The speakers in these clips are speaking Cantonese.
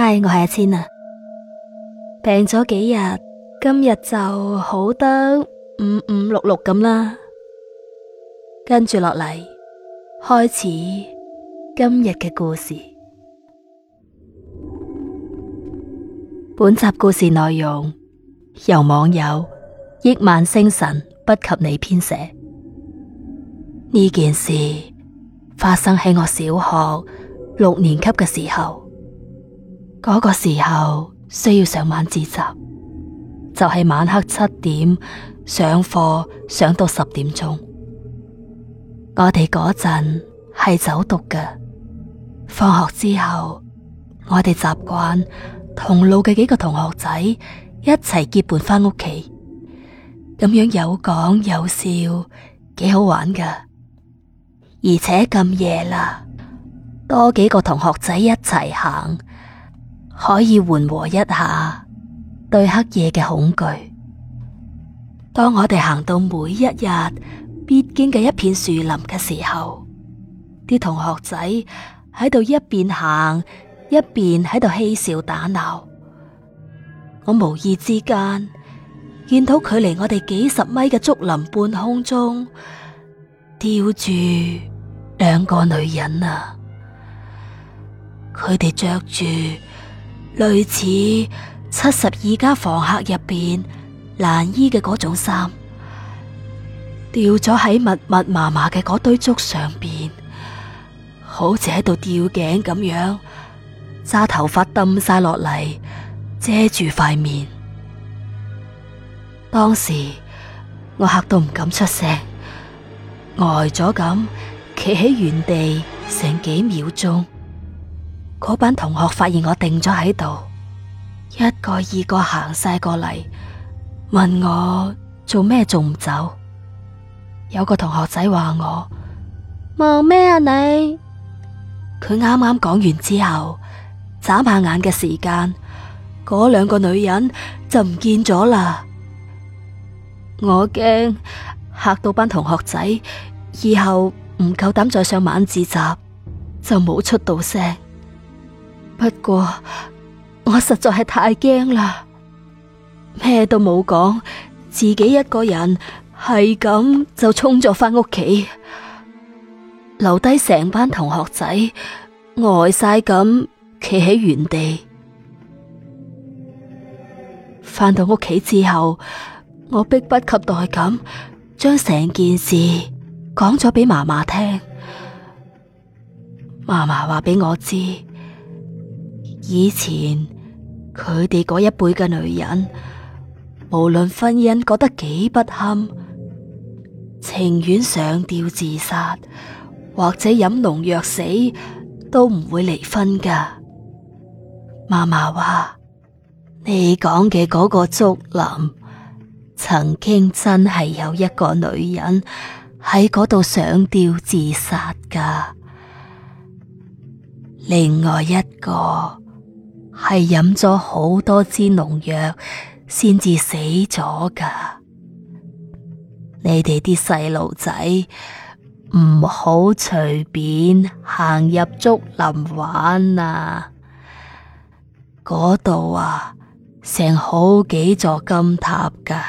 嗨，Hi, 我係阿千啊，病咗幾日，今日就好得五五六六咁啦。跟住落嚟，開始今日嘅故事。 本集故事內容由網友億萬星辰不及你編寫。呢件事發生喺我小學六年級嘅時候。嗰個時候需要上晚自習，就係晚黑七點上課上到十點鐘。我哋嗰陣係走讀嘅，放學之後我哋習慣同路嘅幾個同學仔一齊結伴翻屋企，咁樣有講有笑，幾好玩噶。而且咁夜啦，多幾個同學仔一齊行。可以緩和一下對黑夜嘅恐懼。當我哋行到每一日必經嘅一片樹林嘅時候，啲同學仔喺度一邊行一邊喺度嬉笑打鬧。我無意之間見到距離我哋幾十米嘅竹林半空中吊住兩個女人啊！佢哋着住，類似七十二家房客入邊蘭姨嘅嗰種衫，吊咗喺密密麻麻嘅嗰堆竹上邊，好似喺度吊頸咁樣，揸頭髮抌晒落嚟，遮住塊面。當時我吓到唔敢出聲，呆咗咁企喺原地成幾秒鐘。嗰班同學發現我定咗喺度，一個二個行晒過嚟，問我做咩仲唔走？有個同學仔話我望咩啊你？佢啱啱講完之後，眨下眼嘅時間，嗰兩個女人就唔見咗啦。我驚嚇到班同學仔以後唔夠膽再上晚自習，就冇出到聲。不過我實在係太驚啦，咩都冇講，自己一個人係咁就衝咗返屋企，留低成班同學仔呆晒咁企喺原地。返到屋企之後，我迫不及待咁將成件事講咗俾媽媽聽。媽媽話俾我知。以前佢哋嗰一輩嘅女人，無論婚姻過得幾不堪，情願上吊自殺或者飲農藥死，都唔會離婚㗎。媽媽話：你講嘅嗰個竹林，曾經真係有一個女人喺嗰度上吊自殺㗎，另外一個。係飲咗好多支農藥先至死咗噶。你哋啲細路仔唔好隨便行入竹林玩啊！嗰度啊，成好幾座金塔噶。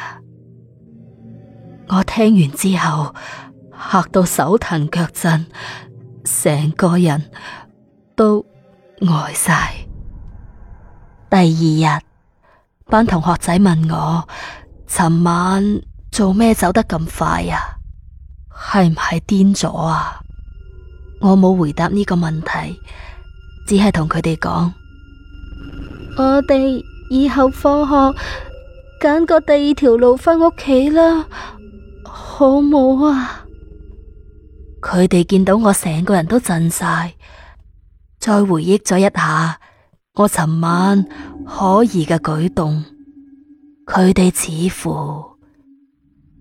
我聽完之後嚇到手騰腳震，成個人都呆晒。第二日，班同學仔問我：尋晚做咩走得咁快啊？係唔係癲咗啊？我冇回答呢個問題，只係同佢哋講：我哋以後放學揀個第二條路返屋企啦，好冇啊？佢哋見到我成個人都震晒，再回憶咗一下。我尋晚可疑嘅舉動，佢哋似乎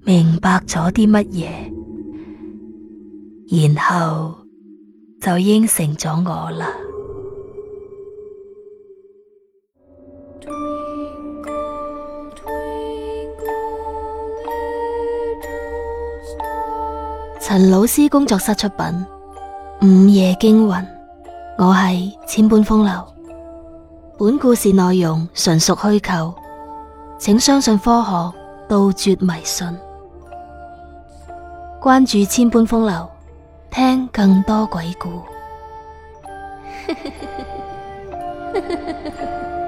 明白咗啲乜嘢，然後就應承咗我啦。陳老師工作室出品《午夜驚魂》，我係千般風流。本故事內容純屬虛構，請相信科學，杜絕迷信。關注千般風流，聽更多鬼故。